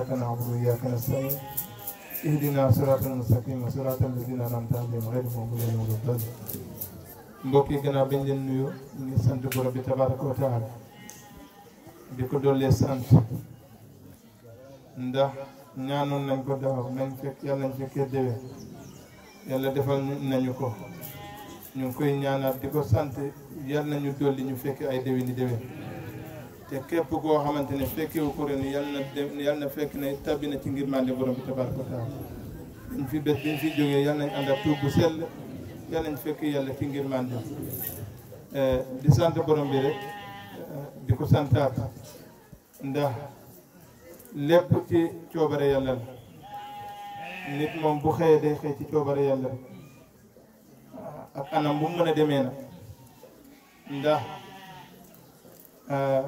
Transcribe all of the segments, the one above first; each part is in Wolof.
إياك نعبد وإياك نستعين اهدنا صراط المستقيم صراط الذين أنعمت عليهم غير mbokk yi gannaaw bi ñu leen nuyu ñu ngi sant borom bi tabaraka wa taala di ko dollee sant ndax ñaanoon nañ ko daaw nañ fekk yàlla nañ fekkee déwén yàlla defal nañu ko ñu ngi koy ñaanaat di ko sant yàlla nañu dolli ñu fekk ay déwén di déwén te képp koo xamante ne fekkewu ko ren yal na fekk ne tabbi na ci ngir mande borom bi tabaaraka wa taala dañ fi bés dañ fi jógee yal nañ ànd ak tuub bu sell yal nañ fekk yàlla ci ngir mande eh, di sant borom bi rek eh, di ko santaat ndax lépp ci coobare yàlla la nit moom bu xëyee day xëy ci coobare yàlla ah, ak anam bu mu mën a demee na ndax eh,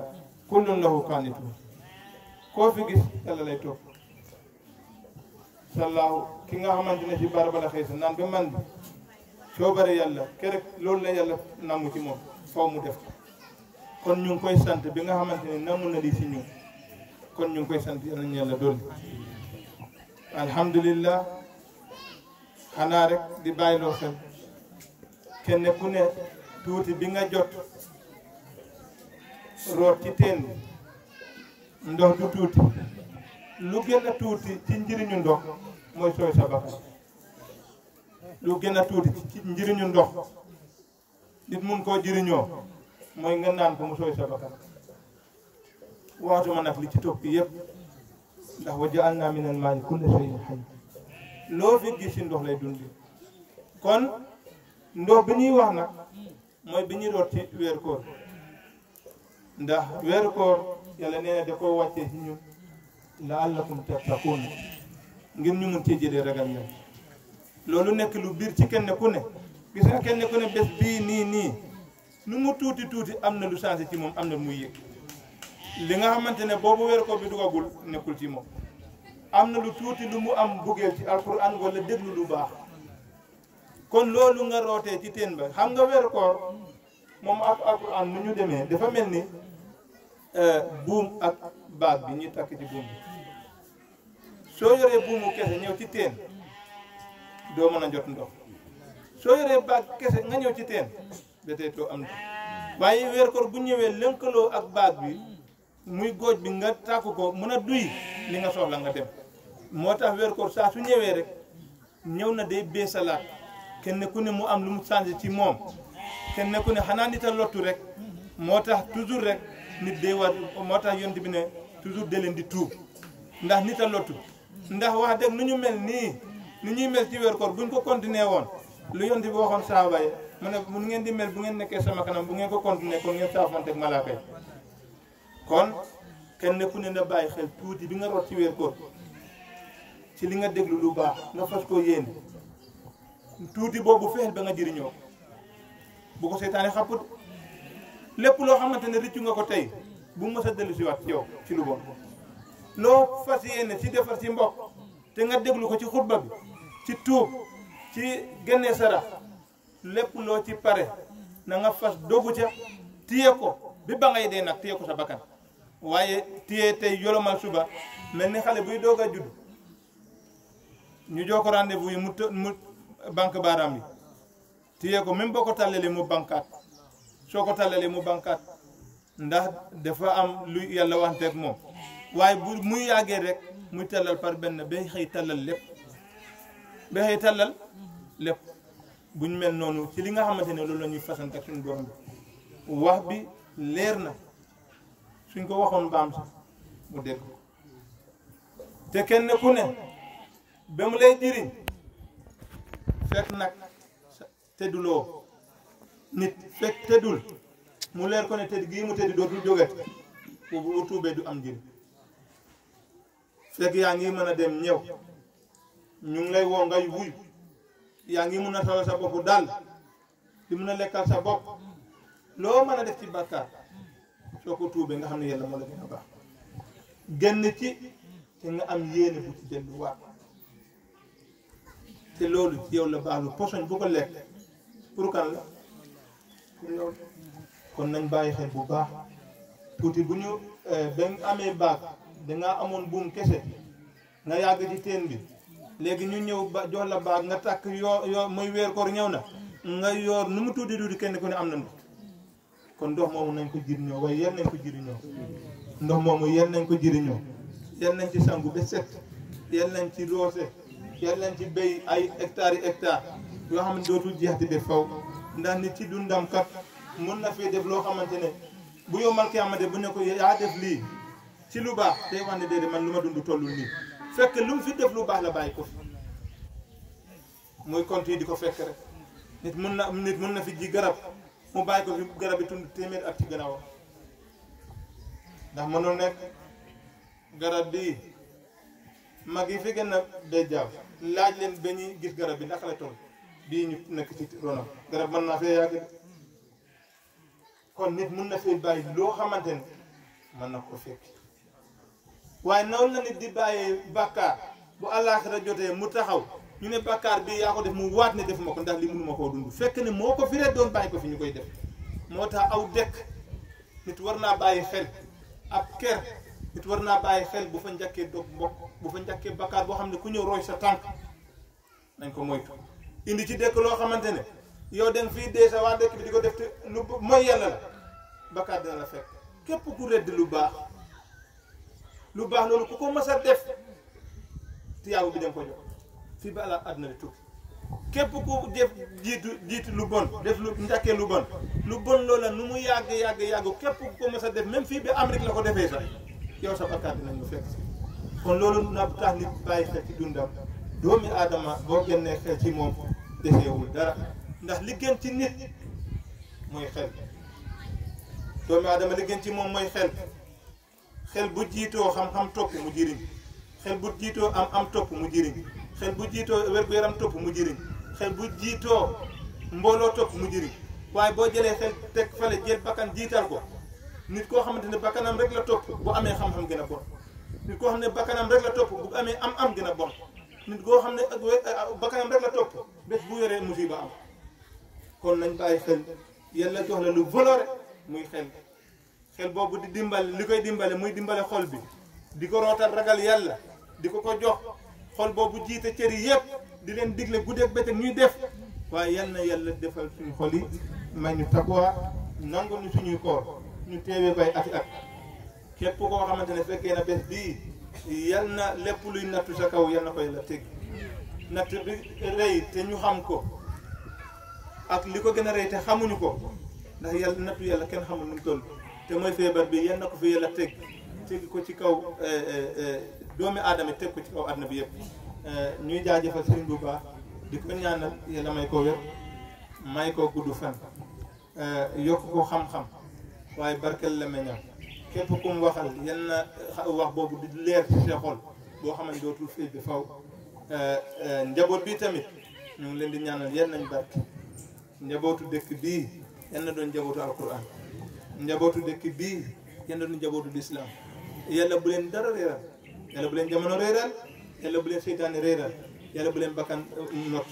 kullun lahu qaanitun koo fi gis yàlla topp sallaahu ki nga xamante ne si barabala xëy sa naan ba man bi soo bare yàlla kerek loolu la yàlla nangu ci moom faw mu def kon ñu ngi koy sant bi nga xamante ne nangu na di si kon ñu ngi koy sant yal nañu yàlla dolli alhamdulillah xanaa rek di bàyyiloo kenn ku tuuti bi nga jot root ci teen bi ndox du tuuti lu gën a tuuti ci njëriñu ndox mooy sooy sa bakkan lu gën a tuuti ci njëriñu ndox nit mun koo jëriñoo mooy nga naan ko mu sooy sa bakkan waxtuma nag li ci topp yëpp ndax wa ja'alnaa min al-maa'i kulla shay'in hayy loo fi gis ci ndox lay dundi kon ndox bi ñuy wax nag mooy bi ñuy root ci weer koor ndax weeru koor yàlla nee na da koo wàccee ci ñun la'allakum tattaquun ngir ñu mun cee jëlee ragal yàlla loolu nekk lu biir ci kenn ku ne gis nga kenn ku ne bés bii nii nii nu mu tuuti tuuti am na lu changé ci moom am na lu muy yëg li nga xamante ne boobu weeru koor bi dugagul nekkul ci moom am na lu tuuti lu mu am buggeel ci alquran wala déglu lu baax kon loolu nga rootee ci teen ba xam nga weeru koor moom ak alquran nu ñu demee dafa mel ni euh, buum ak baag bi ñuy takk ci buum bi soo yoree buumu kese ñëw ci teen doo mën a jot ndox soo yoree baag kese nga ñëw ci teen da tey doo am ndox waaye weer koor bu ñëwee lënkaloo ak baag bi muy góoj bi nga tàkk ko mën a duy li nga soxla nga dem moo tax weer koor saa su ñëwee rek ñëw na day beesalaat kenn ku ne mu am lu mu changé ci moom kenn ku ne xanaa nit a lottu rek moo tax toujours rek nit day war moo tax yonent bi ne toujours da leen di tuub ndax nit a lottu ndax wax dem nu ñu mel nii nu ñuy mel ci weer koor buñ ko continuer woon lu yonent bi waxoon saaba yi mu ne mun ngeen di mel bu ngeen nekkee sama kanam bu ngeen ko continuer kon ngeen saafonte ak malaaka kon kenn ku ne na bàyyi xel tuuti bi nga rot ci weer ci li nga déglu lu baax nga fas ko yéene tuuti boobu fexeel ba nga jëriñoo bu ko seytaane xapput lépp loo xamante ne rëccu nga ko tey bu mës a dellu si waat ci lu bon loo fas ne ci defar ci mbokk te nga déglu ko ci xutba bi ci tuub ci génnee lépp loo ci pare na nga fas dogu ca téye ko bi ba ngay dee nag téye ko sa bakkan waaye téye tey yolomal suba mel ni xale buy doog a ñu joo ko rendez-vous yi mu banque baaraam yi téye ko même boo ko tàllalee mu bankaat soo ko tàllalee mu bankaat ndax dafa am lu yàlla waxanteeg moom waaye bu muy yàggee rek muy tàllal par benn ba xëy tàllal lépp ba xëy tàllal lépp buñ mel noonu ci li nga xamante ne loolu la ñuy fasante ak suñu borom bi wax bi leer na suñ ko waxoon baam sax mu dégg te kenn ku ne ba mu lay jëriñ fekk nag tëdduloo nit fekk tëddul mu leer ko ne tëdd gii mu tëdd dootul jóge boobu tuubee du am njëriñ fekk yaa ngi mën a dem ñëw ñu ngi lay woo ngay wuy yaa ngi mën a solo sa bopp daal di mun a lekkal sa bopp loo mën a def ci bàkkaar soo ko tuubee nga xam ne yàlla moo la gën a baax génn ci te nga am yéene bu ci delluwaat te loolu ci yow la baax lu posoñ bu ko lekk pour kan la pour kon nañ bàyyi xel bu baax tuuti bu ñu eh, ba nga amee baag dangaa amoon buum kese nga yàgg ci teen bi léegi ñu ñëw ba jox la baax nga takk yoo yoo muy weer koor ñëw na nga yoor nu mu tuuti tuuti kenn ku ne am na ndox kon ndox moomu nañ ko jëriñoo waaye yal nañ ko jëriñoo ndox moomu yal nañ ko jëriñoo yal nañ ci sangu ba set yal nañ ci roose yal nañ ci bay ay hectares yi hectares yoo xam ne dootul jeexati ba faw ndax nit ci dundam kat mun na fee def loo xamante ne bu yombal ki amate bu ne ko yaa def lii ci lu baax tey wax ne déedéet man lu ma dund tollul nii fekk lu mu fi def lu baax la bàyyi ko fi muy continuer di ko fekk rek nit mun na nit mun na fi ji garab mu bàyyi ko fi garab bi tund téeméer ak ci gannaawam ndax mënul nekk garab bi mag yi fi gën a day laaj leen ba ñuy gis garab bi naka la toll bii ñu nekk ci ronam garab mën naa fee yàgg kon nit mun na fee bàyyi loo xamante ne mën na ko fekk waaye noonu la nit di bàyyee bàkkaar bu àllaaxira jotee mu taxaw ñu ne bàkkaar bi yaa ko def mu waat ne def ma ko ndax koo dund fekk ne moo ko fi doon bàyyi ko fi ñu koy def moo tax aw dëkk nit war naa bàyyi xel ab kër nit war naa bàyyi xel bu fa njëkkee dog mbokk bu fa njëkkee bàkkaar boo xam ne ku ñëw roy sa tànk nañ ko moytu indi ci dëkk loo xamante ne yow dem fii dee sa waa dëkk bi di ko def te lu mooy yàlla la bakkaar dina la fekk képp ku redd lu baax lu baax loolu ku ko mës a def tiyaabu bi dem ko jox fii ba àll àdduna bi tukki képp ku def jiitu jiitu lu bon def lu njàkkee lu bon lu bon loola nu mu yàgg yàgg yàgg képp ku ko mës a def même fii ba Amérique la ko defee sax yow sa bakkaar dinañ lu fekk kon loolu na tax nit bàyyi xel ci dundam doomi aadama boo génnee xel ci deseewul dara ndax li gën ci nit mooy xel doomu aadama li gën ci moom mooy xel xel bu jiitoo xam-xam topp mu jëriñ xel bu jiitoo am am topp mu jëriñ xel bu jiitoo wér-gu-yaram topp mu jëriñ xel bu jiitoo mbooloo topp mu jëriñ waaye boo jëlee xel teg fale jël bakkan jiital ko nit koo xamante ne bakkanam rek la topp bu amee xam-xam gën a bon nit koo xam ne bakkanam rek la topp bu amee am am gën a bon nit koo xam ne ak we bakkanam rek la topp bés bu yoree musiba am kon nañ bàyyi xel yàlla jox la lu valoré muy xel xel boobu di dimbale li koy dimbale muy dimbale xol bi di ko rootal ragal yàlla di ko ko jox xol boobu jiite cër yi yëpp di leen digle guddeeg bëccëg ñuy def waaye yal na yàlla defal suñu xol yi may ñu takwa nangu ñu suñuy koor ñu teewee koy ati at képp koo xamante ne fekkee na bés bii yal na lépp luy nattu sa kaw yal na ko yàlla teg natt bi rey te ñu xam ko ak li ko gën a rey te xamuñu ko ndax yàlla nattu yàlla kenn xamul nu mu toll te bi yal na ko yàlla teg teg ko ci kaw eh, eh, eh, doomi aadama teg ko ci kaw àdduna bi yëpp ñuy jaajëfal sëriñ bu baax di ko ñaanal yàlla may ko wér may koo gudd fan yokk ko xam-xam waaye barkeel la képp ku mu waxal yal eh, wax boobu di leer ci sa xol boo xamante dootul fii bi faw eh, eh, njaboot bi tamit ñu ngi leen di ñaanal yal nañ barke njabootu dëkk bii yal na doon njabootu alquran njabootu dëkk bii yal na doon njabootu lislaam yàlla bu leen dara réeral yàlla bu leen jamono réeral yàlla bu leen seytaane réeral yàlla bu leen bakkan not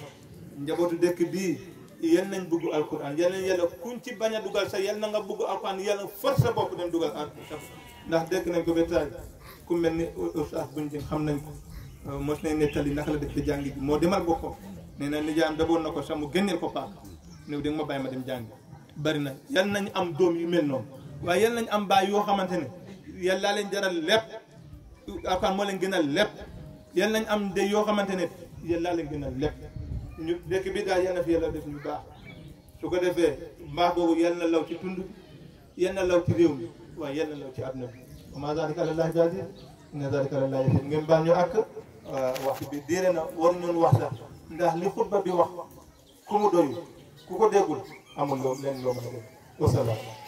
njabootu dëkk bii yal nañ bëgg alquran yal nañ yàlla kuñ ci bañ a dugal sax yal na nga bëgg alquran yàlla force sa bopp dem dugal alquran ndax dégg nañ ko ba taay ku mel ni ustaas buñ jëm xam nañ ko euh, mos nañ nettali naka la def ba jàngi bi moo demal boppam nee na nijaayam daboon na ko sax mu génneel ko paak néew da nga ma bàyyi ma dem jàngi bari na yal nañ am doom yu mel noonu waaye yal nañ am baay yoo xamante ne yàlla leen jaral lépp alquran moo leen gënal lépp yal nañ am ndey yoo xamante ne yàlla leen gënal lépp ñu dëkk bi daal yal na fi yàlla def ñu baax su ko defee mbaax boobu yal na law ci tund yal na law ci réew mi waaye yal na law ci àdduna bi wa maa zaalika alallaahi bi aziiz ngeen baal ñu àkk waxtu bi diire na war ñun wax sax ndax li xutba bi wax ku mu doyu ku ko déggul amul loo leen loo mën a dégg